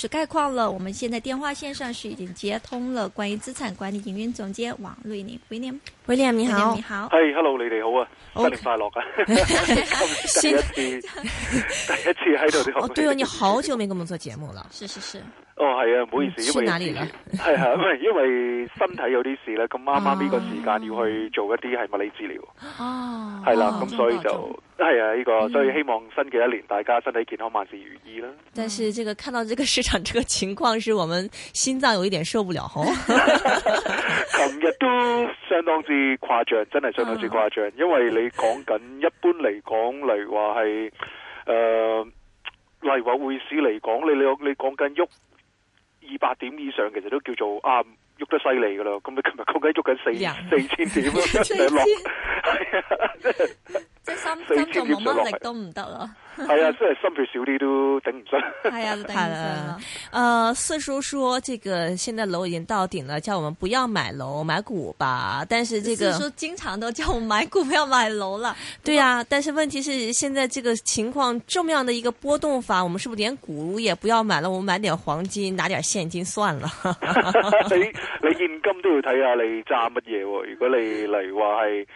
是概況了。我們現在電話線上是已經接通了。關於資產管理營運總監王瑞麟 （William），William，你好，你好 Hello 你哋好啊，新年快樂啊，第一次，第一次喺度哦，對啊，你好久沒跟我們做節目了，是是是，哦，係啊，唔好意思，因為之前係係，因為因為身體有啲事咧，咁啱啱呢個時間要去做一啲係物理治療，哦，係啦，咁所以就。係啊，呢、這個、嗯、所以希望新嘅一年大家身體健康萬事如意啦。但是，這個看到這個市場，這個情況，是我們心臟有一點受不了哦。琴 日都相當之誇張，真係相當之誇張。嗯、因為你講緊、嗯、一般嚟講例如話係，誒，例如話、呃、匯市嚟講，你你你講緊喐二百點以上，其實都叫做啊喐得犀利噶啦。咁你琴日講緊喐緊四四千點，唔想落。 心心就冇乜力都唔得咯，係 啊，即係心血少啲都頂唔順。係 啊，頂唔順。誒、呃，四叔說，這個現在樓已經到頂了，叫我們不要買樓，買股吧。但是這個四叔經常都叫我們買股票，不要買樓啦。 對啊，但是問題是，現在這個情況這麼樣的一個波動法，我們是不是連股也不要買了？我們買點黃金，拿點現金算了。 你你現金都要睇下你揸乜嘢喎，如果你嚟話係。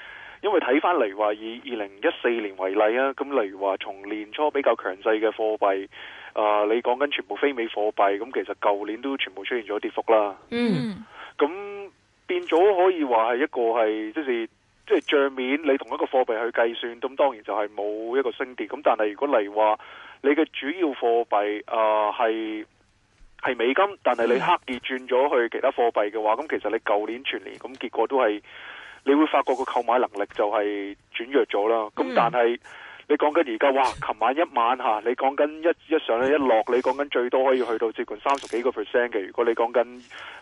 因為睇翻嚟話以二零一四年為例啊，咁例如話從年初比較強勢嘅貨幣，啊，你講緊全部非美貨幣，咁其實舊年都全部出現咗跌幅啦。嗯，咁變咗可以話係一個係，即係即係賬面你同一個貨幣去計算，咁當然就係冇一個升跌。咁但係如果嚟話你嘅主要貨幣啊係係美金，但係你刻意轉咗去其他貨幣嘅話，咁其實你舊年全年咁結果都係。你會發覺個購買能力就係轉弱咗啦，咁但係你講緊而家哇，琴晚一晚吓，你講緊一一上去一落，你講緊最多可以去到接近三十幾個 percent 嘅，如果你講緊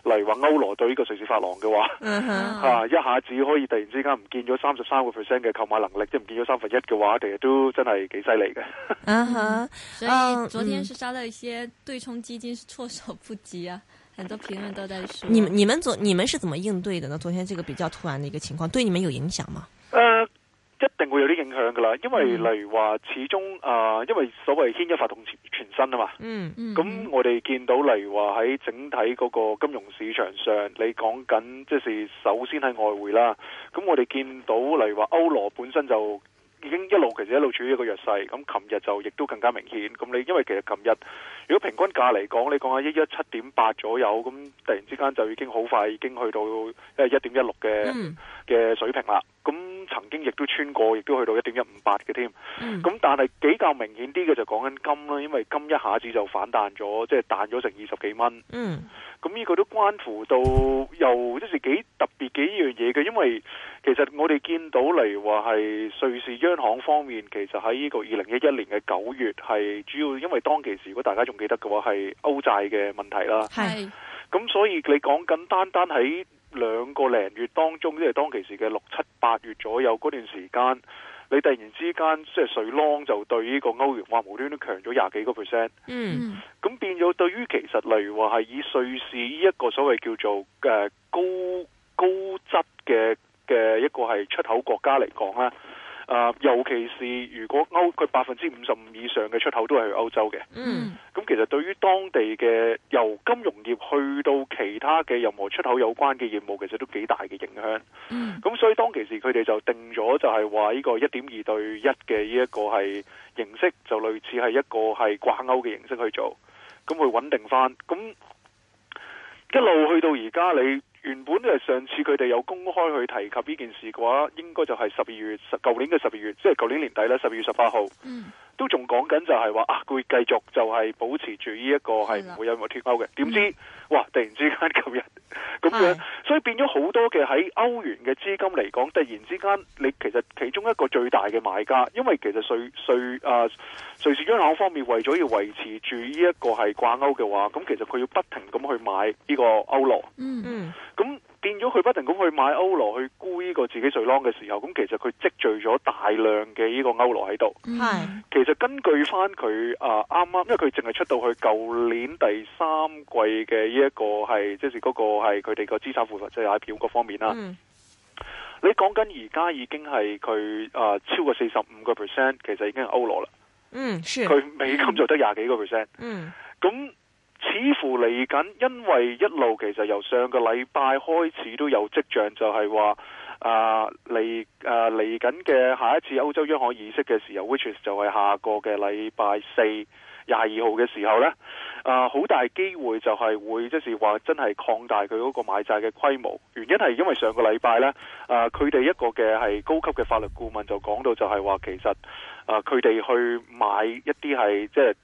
例如話歐羅對呢個瑞士法郎嘅話，吓、uh huh, uh huh. 一下子可以突然之間唔見咗三十三個 percent 嘅購買能力，即係唔見咗三分一嘅話，其實都真係幾犀利嘅。Uh huh. 所以昨天是殺了一些對沖基金是措手不及啊。很多評論都在說，你你們昨你，你們是怎麼應對的呢？昨天這個比較突然的一個情況，對你們有影響嗎？誒、呃，一定會有啲影響噶啦，因為、嗯、例如話始終啊、呃，因為所謂牽一髮動全身啊嘛。嗯嗯。咁、嗯、我哋見到、嗯、例如話喺整體嗰個金融市場上，你講緊即係首先係外匯啦，咁我哋見到例如話歐羅本身就已經一路其實一路處於一個弱勢，咁琴日就亦都更加明顯。咁你因為其實琴日。如果平均價嚟講，你講下一一七點八左右，咁突然之間就已經好快已經去到一點一六嘅嘅水平啦。咁曾經亦都穿過，亦都去到一點一五八嘅添。咁、嗯、但係比較明顯啲嘅就講緊金啦，因為金一下子就反彈咗，即係彈咗成二十幾蚊。嗯。咁呢個都關乎到又即是幾特別幾樣嘢嘅，因為其實我哋見到嚟話係瑞士央行方面，其實喺呢個二零一一年嘅九月係主要因為當其時，如果大家唔記得嘅話係歐債嘅問題啦，係咁是所以你講緊單單喺兩個零月當中，即係當其時嘅六七八月左右嗰段時間，你突然之間即係瑞朗就對呢個歐元話無端端強咗廿幾個 percent，嗯，咁變咗對於其實例如話係以瑞士呢一個所謂叫做誒高高質嘅嘅一個係出口國家嚟講咧。啊，uh, 尤其是如果歐佢百分之五十五以上嘅出口都係去歐洲嘅，嗯，咁其實對於當地嘅由金融業去到其他嘅任何出口有關嘅業務，其實都幾大嘅影響，咁、mm. 所以當其時佢哋就定咗就係話呢個一點二對一嘅呢一個係形式，就類似係一個係掛鈎嘅形式去做，咁去穩定翻，咁一路去到而家你。原本誒上次佢哋有公開去提及呢件事嘅話，應該就係十二月十舊年嘅十二月，即係舊年年底啦，十二月十八號。嗯都仲講緊就係話啊，佢繼續就係保持住呢一個係唔會有冇脫鈎嘅，點的知哇突然之間今日咁樣，所以變咗好多嘅喺歐元嘅資金嚟講，突然之間的你其實其中一個最大嘅買家，因為其實瑞瑞啊瑞士央行方面為咗要維持住呢一個係掛鈎嘅話，咁其實佢要不停咁去買呢個歐羅，嗯嗯，咁。見咗佢不停咁去買歐羅去沽呢個自己瑞朗嘅時候，咁其實佢積聚咗大量嘅呢個歐羅喺度。係、mm，hmm. 其實根據翻佢啊啱啱，因為佢淨係出到去舊年第三季嘅呢一個係，即是嗰、就是、個係佢哋個資產負債即係票表方面啦。Mm hmm. 你講緊而家已經係佢啊超過四十五個 percent，其實已經係歐羅啦。嗯、mm，佢、hmm. 美金就得廿幾個 percent。嗯，咁、mm。Hmm. 似乎嚟緊，因為一路其實由上個禮拜開始都有跡象就是說，就係話啊嚟啊嚟緊嘅下一次歐洲央行議息嘅時候，which is 就係下個嘅禮拜四廿二號嘅時候呢，啊好大機會就係會即係話真係擴大佢嗰個買債嘅規模。原因係因為上個禮拜呢，啊，佢哋一個嘅係高級嘅法律顧問就講到就係話，其實啊佢哋去買一啲係即係。就是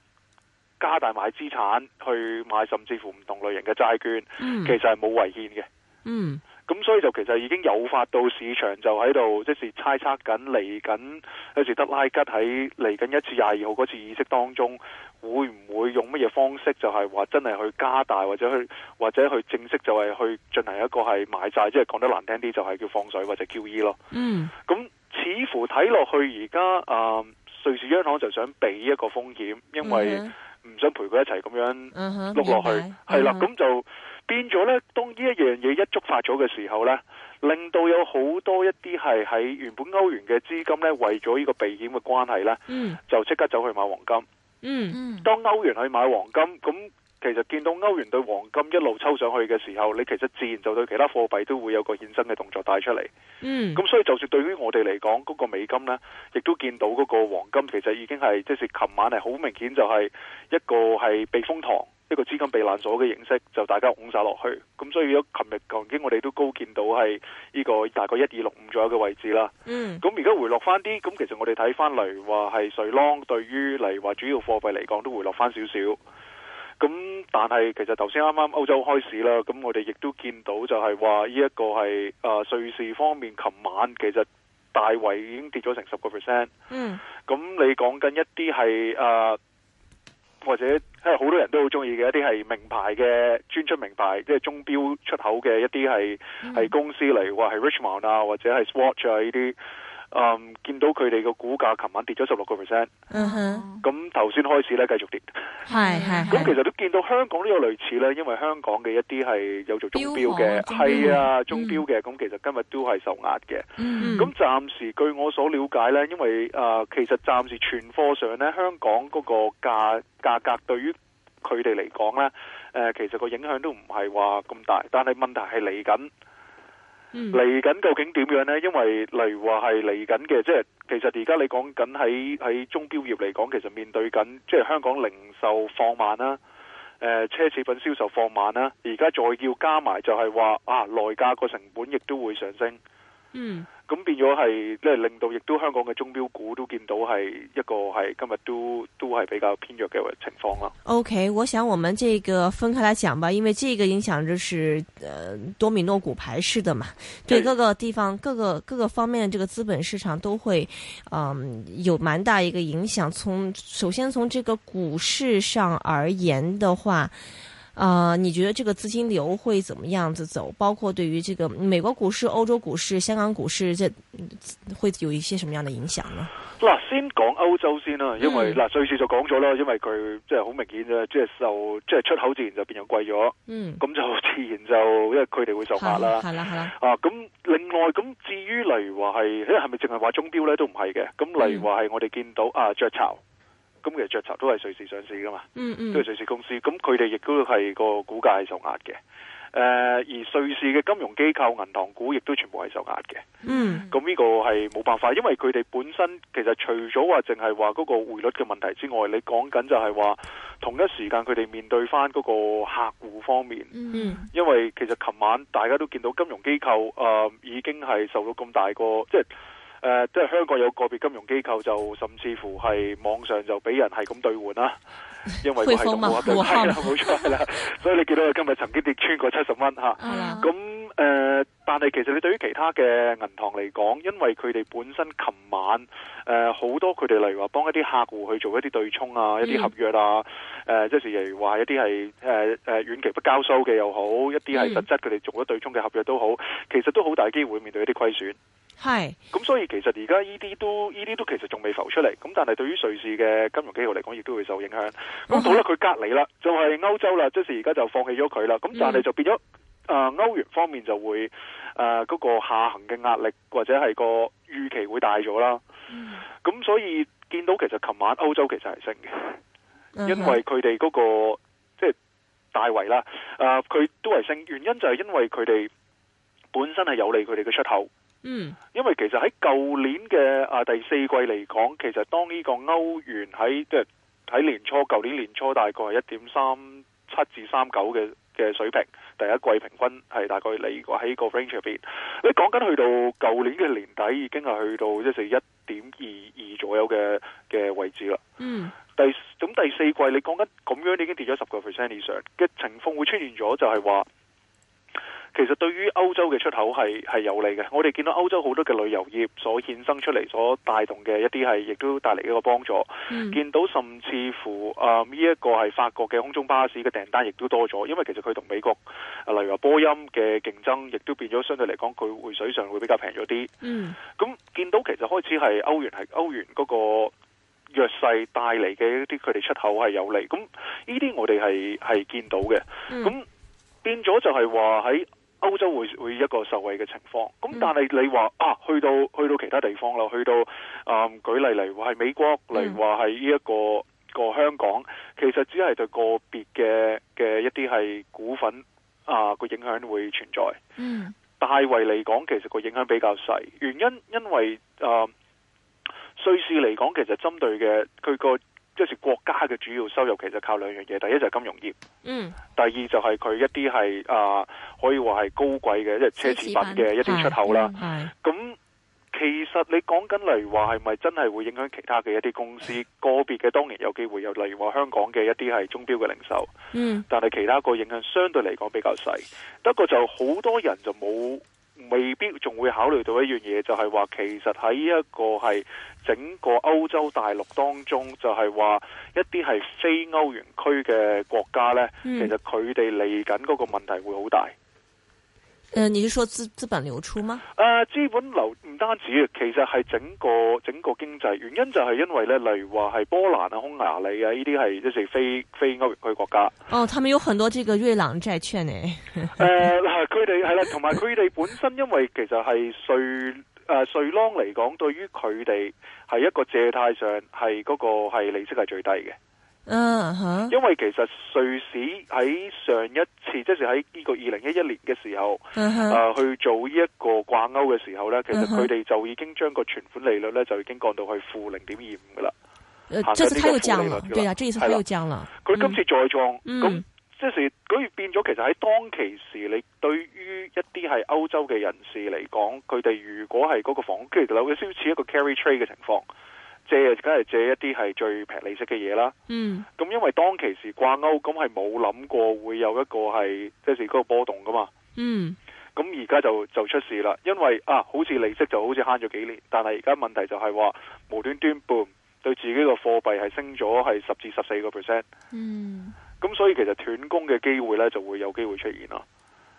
加大買資產，去買甚至乎唔同類型嘅債券，嗯、其實係冇違憲嘅。嗯，咁所以就其實已經誘發到市場就喺度，即、就、使、是、猜測緊嚟緊，有時、就是、德拉吉喺嚟緊一月廿二號嗰次議息當中，會唔會用乜嘢方式，就係話真係去加大，或者去，或者去正式就係去進行一個係買債，即、就、係、是、講得難聽啲，就係叫放水或者 QE 咯。嗯，咁似乎睇落去而家、呃、瑞士央行就想避一個風險，因為，嗯唔想陪佢一齊咁樣碌落去，係啦、嗯，咁的、嗯、哼就變咗呢，當呢一樣嘢一觸發咗嘅時候呢，令到有好多一啲係喺原本歐元嘅資金呢，為咗呢個避險嘅關係呢，嗯、就即刻走去買黃金。嗯，嗯，當歐元去買黃金，咁。其實見到歐元對黃金一路抽上去嘅時候，你其實自然就對其他貨幣都會有個衍生嘅動作帶出嚟。嗯，咁所以就算對於我哋嚟講，嗰個美金呢，亦都見到嗰個黃金其實已經係即係，就是琴晚係好明顯就係一個係避風塘，一個資金避難所嘅形式，就大家拱晒落去。咁所以，如果琴日究竟我哋都高見到係呢個大概一二六五左右嘅位置啦。嗯，咁而家回落翻啲，咁其實我哋睇翻嚟話係瑞郎，對於嚟話主要貨幣嚟講都回落翻少少。咁但係其實頭先啱啱歐洲開市啦，咁我哋亦都見到就係話呢一個係啊、呃、瑞士方面，琴晚其實大位已經跌咗成十個 percent。嗯。咁你講緊一啲係啊，或者即係好多人都好中意嘅一啲係名牌嘅專出名牌，即係鐘錶出口嘅一啲係係公司嚟，話係 Richmond 啊，或者係 Swatch 啊呢啲。嗯，見到佢哋嘅股價琴晚跌咗十六個 percent。咁頭先開始咧，繼續跌。咁、uh huh. 其實都見到香港呢個類似呢，因為香港嘅一啲係有做中標嘅，係啊，中標嘅。咁、啊嗯、其實今日都係受壓嘅。咁、嗯、暫時據我所了解呢，因為誒、呃、其實暫時存貨上呢，香港嗰個價，價格對於佢哋嚟講呢，誒、呃、其實個影響都唔係話咁大，但係問題係嚟緊。嚟緊、mm hmm. 究竟點樣呢？因為例如話係嚟緊嘅，即、就、係、是、其實而家你講緊喺喺鐘錶業嚟講，其實面對緊即係香港零售放慢啦，車、呃、奢侈品銷售放慢啦，而家再要加埋就係話啊，內價個成本亦都會上升。嗯、mm。Hmm. 咁變咗係，即係令到亦都香港嘅中標股都見到係一個係今日都都係比較偏弱嘅情況啦。OK，我想，我們這個分開來講吧，因為這個影響就是，呃多米諾骨牌式的嘛，對各個地方、各個各個方面，這個資本市場都會，嗯、呃，有蠻大一個影響。從首先從這個股市上而言的話。啊、呃，你覺得這個資金流會怎麼樣子走？包括對於這個美國股市、歐洲股市、香港股市，這會有一些什麼樣的影響呢？嗱，先講歐洲先啦，因為嗱，瑞士、嗯、次就講咗啦，因為佢即係好明顯嘅，即係受即係出口自然就變咗貴咗。嗯，咁就自然就因為佢哋會受壓啦。係啦，係啦。嗯、啊，咁另外咁至於例如話係，誒係咪淨係話中標咧都唔係嘅。咁例如話係我哋見到、嗯、啊雀巢。咁其實雀巢都係瑞士上市噶嘛，mm hmm. 都係瑞士公司。咁佢哋亦都係個股價係受壓嘅。誒、呃，而瑞士嘅金融機構、銀行股亦都全部係受壓嘅。嗯、mm，咁、hmm. 呢個係冇辦法，因為佢哋本身其實除咗話淨係話嗰個匯率嘅問題之外，你講緊就係話同一時間佢哋面對翻嗰個客戶方面。嗯、mm，hmm. 因為其實琴晚大家都見到金融機構誒、呃、已經係受到咁大個即係。就是誒，即係、呃就是、香港有個別金融機構就甚至乎係網上就俾人係咁兌換啦，因為佢係咁冇得跟啦，冇錯 啦，所以你見到佢今日曾經跌穿過七十蚊嚇，咁、啊。Uh huh. 嗯誒、呃，但係其實你對於其他嘅銀行嚟講，因為佢哋本身琴晚誒好、呃、多佢哋例如話幫一啲客戶去做一啲對沖啊，嗯、一啲合約啊，誒、呃，即是例如話一啲係誒誒遠期不交收嘅又好，一啲係實質佢哋做咗對沖嘅合約都好，嗯、其實都好大機會面對一啲虧損。係是，咁所以其實而家呢啲都呢啲都其實仲未浮出嚟，咁但係對於瑞士嘅金融機構嚟講，亦都會受影響。咁到咧佢隔籬啦，就係、是、歐洲啦，即是而家就放棄咗佢啦，咁但係就變咗。嗯啊、呃，歐元方面就會啊，嗰、呃嗰個下行嘅壓力或者係個預期會大咗啦。嗯，咁所以見到其實琴晚歐洲其實係升嘅，mm hmm. 因為佢哋嗰個即係、就是、大圍啦。佢、呃、都係升，原因就係因為佢哋本身係有利佢哋嘅出口。嗯，mm. 因為其實喺舊年嘅啊第四季嚟講，其實當呢個歐元喺即係喺年初舊年年初大概係一點三七至三九嘅嘅水平。第一季平均係大概你個喺個 range 入邊，你講緊去到舊年嘅年底已經係去到即係一點二二左右嘅嘅位置啦。嗯，第咁第四季你講緊咁樣，你說說樣已經跌咗十個 percent 以上嘅情況會出現咗，就係話。其實對於歐洲嘅出口係係有利嘅，我哋見到歐洲好多嘅旅遊業所衍生出嚟，所帶動嘅一啲係，亦都帶嚟一個幫助。嗯、見到甚至乎啊呢一個係法國嘅空中巴士嘅訂單亦都多咗，因為其實佢同美國，例如話波音嘅競爭，亦都變咗相對嚟講佢匯水上會比較平咗啲。咁、嗯、見到其實開始係歐元係歐元嗰個弱勢帶嚟嘅一啲佢哋出口係有利的，咁呢啲我哋係係見到嘅。咁、嗯、變咗就係話喺。歐洲會會一個受惠嘅情況，咁但係你話、嗯、啊，去到去到其他地方啦，去到啊、呃、舉例嚟話係美國、這個，嚟話係呢一個個香港，其實只係對個別嘅嘅一啲係股份啊個影響會存在。嗯，大圍嚟講其實個影響比較細，原因因為啊、呃、瑞士嚟講其實針對嘅佢個。即是國家嘅主要收入其實靠兩樣嘢，第一就係金融業，嗯，第二就係佢一啲係啊可以話係高貴嘅，即係奢侈品嘅一啲出口啦。咁其實你講緊例如話係咪真係會影響其他嘅一啲公司？嗯、個別嘅當然有機會有，有例如話香港嘅一啲係中標嘅零售，嗯，但係其他個影響相對嚟講比較細，不過就好多人就冇。未必仲會考慮到一樣嘢，就係話其實喺一個係整個歐洲大陸當中，就係話一啲係非歐元區嘅國家咧，其實佢哋嚟緊個問題會好大。誒、呃，你是說資資本流出嗎？誒、呃，資本流唔單止，其實係整個整個經濟原因就係因為咧，例如話係波蘭啊、匈牙利啊，呢啲係非非歐元區國家。哦，他們有很多這個瑞朗債券誒。誒、呃，佢哋係啦，同埋佢哋本身因為其實係瑞誒瑞朗嚟講，對於佢哋係一個借貸上係嗰個係利息係最低嘅。嗯，uh huh. 因為其實瑞士喺上一次，即係喺呢個二零一一年嘅時候，誒、uh huh. 呃、去做呢一個掛鈎嘅時候咧，uh huh. 其實佢哋就已經將個存款利率咧就已經降到去、uh, 負零點二五噶啦。走上呢個負利率噶啦。誒，這次他又降啦，對啊，這次又降是啦。佢今、嗯、次再撞，咁即係佢變咗。其實喺當其時，你對於一啲係歐洲嘅人士嚟講，佢哋如果係嗰個房屋跟住有會類似一個 carry trade 嘅情況。借梗係借一啲係最平利息嘅嘢啦，嗯，咁因為當其時掛鈎，咁係冇諗過會有一個係即係嗰個波動噶嘛，嗯，咁而家就就出事啦，因為啊，好似利息就好似慳咗幾年，但係而家問題就係話無端端 boom 對自己個貨幣係升咗係十至十四個 percent，嗯，咁所以其實斷供嘅機會咧就會有機會出現咯。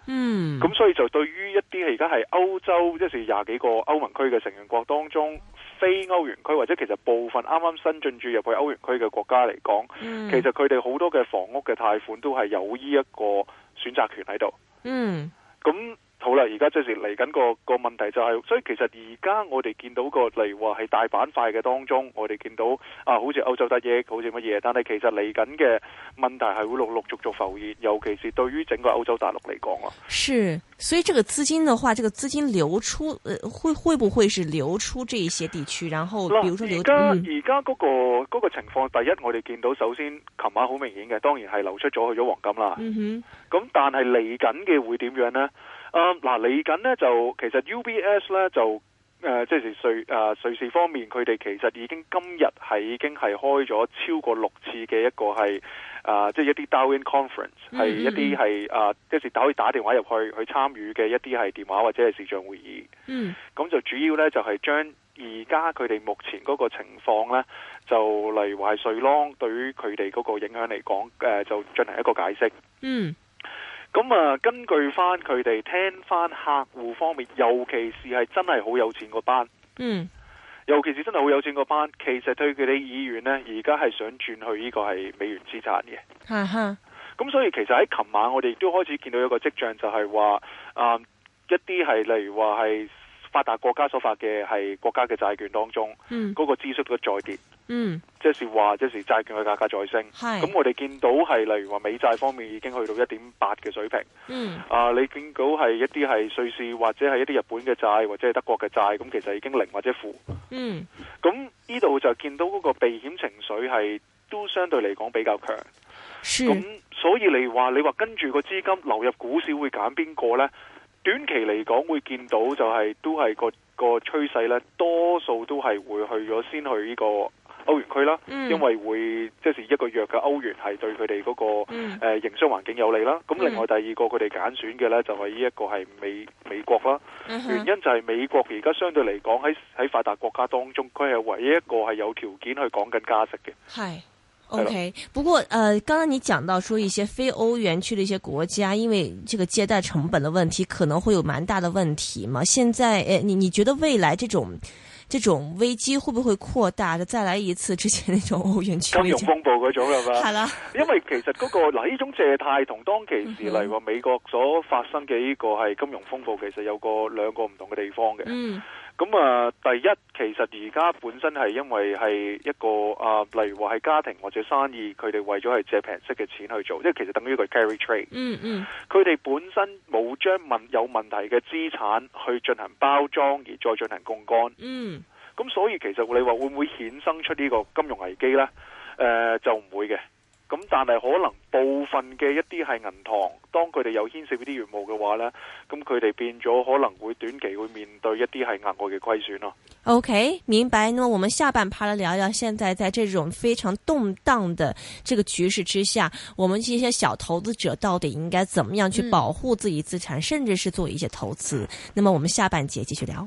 嗯，咁、mm. 所以就對於一啲而家係歐洲，即、就是廿幾個歐盟區嘅成員國當中，非歐元區或者其實部分啱啱新進駐入去歐元區嘅國家嚟講，mm. 其實佢哋好多嘅房屋嘅貸款都係有呢一個選擇權喺度。嗯，咁。好啦，而家即是嚟緊個個問題就係、是，所以其實而家我哋見到個例如話係大板塊嘅當中，我哋見到啊，好似歐洲得益，好似乜嘢，但係其實嚟緊嘅問題係會陸陸續續浮現，尤其是對於整個歐洲大陸嚟講啊，是，所以這個資金的話，這個資金流出，誒、呃，會會不會是流出這一些地區？然後，譬如說流出，而家而家嗰個、那個情況，第一我哋見到，首先琴晚好明顯嘅，當然係流出咗去咗黃金啦。嗯、哼。咁但係嚟緊嘅會點樣呢？啊，嗱，嚟緊呢就其實 UBS 呢，就誒，即係瑞誒，瑞士方面佢哋其實已經今日係已經係開咗超過六次嘅一個係誒，即、呃、係、就是、一啲 Darwin Conference，係、嗯、一啲係誒，即、呃就是打可以打電話入去去參與嘅一啲係電話或者係視像會議。嗯。咁就主要呢，就係將而家佢哋目前嗰個情況呢，就例如話係瑞朗對於佢哋嗰個影響嚟講，誒、呃、就進行一個解釋。嗯。咁啊，根據翻佢哋聽翻客戶方面，尤其是係真係好有錢個班，嗯，尤其是真係好有錢個班，其實對佢哋意願呢，而家係想轉去呢個係美元資產嘅，咁、嗯、所以其實喺琴晚我哋亦都開始見到一個跡象，就係話啊，一啲係例如話係，發達國家所發嘅係國家嘅債券當中，嗰、嗯、個孳息率再跌，嗯、即係話，即係債券嘅價格再升。咁是我哋見到係例如話美債方面已經去到一點八嘅水平。嗯、啊，你見到係一啲係瑞士或者係一啲日本嘅債或者係德國嘅債，咁其實已經零或者負。咁呢度就見到嗰個避險情緒係都相對嚟講比較強。咁是所以你話，你話跟住個資金流入股市會揀邊個呢？短期嚟講會見到就係、是、都係個個趨勢咧，多數都係會去咗先去呢個歐元區啦，嗯、因為會即、就是一個弱嘅歐元係對佢哋嗰個誒營、嗯呃、商環境有利啦。咁另外第二個佢哋揀選嘅咧就係呢一個係美美國啦，嗯、哼原因就係美國而家相對嚟講喺喺發達國家當中，佢係唯一一個係有條件去講緊加息嘅。係。O、okay, K，不過，呃，剛剛你講到說一些非歐元區的一些國家，因為這個借貸成本的問題，可能會有蠻大的問題嘛。現在，誒、呃，你你覺得未來這種，這種危機會不會擴大？再來一次之前那種歐元區金融風暴嗰種係咪？係啦，因為其實嗰個嗱，呢種借貸同當其時嚟講 美國所發生嘅呢個係金融風暴，其實有個兩個唔同嘅地方嘅。 嗯咁啊，第一，其實而家本身係因為係一個啊，例如話係家庭或者生意，佢哋為咗係借平息嘅錢去做，即係其實等於一個 carry trade。嗯嗯，佢、嗯、哋本身冇將問有問題嘅資產去進行包裝而再進行槓桿。嗯，咁所以其實你話會唔會衍生出呢個金融危機呢？誒、呃，就唔會嘅。咁但係可能部分嘅一啲係銀行，當佢哋有牽涉呢啲業務嘅話呢，咁佢哋變咗可能會短期會面對一啲係額外嘅虧損咯。OK，明白。咁啊，我們下半 part 嚟聊聊，現在在這種非常動蕩的這個局勢之下，我們這些小投資者到底應該怎麼樣去保護自己資產，嗯、甚至是做一些投資？咁啊，我們下半節繼續聊。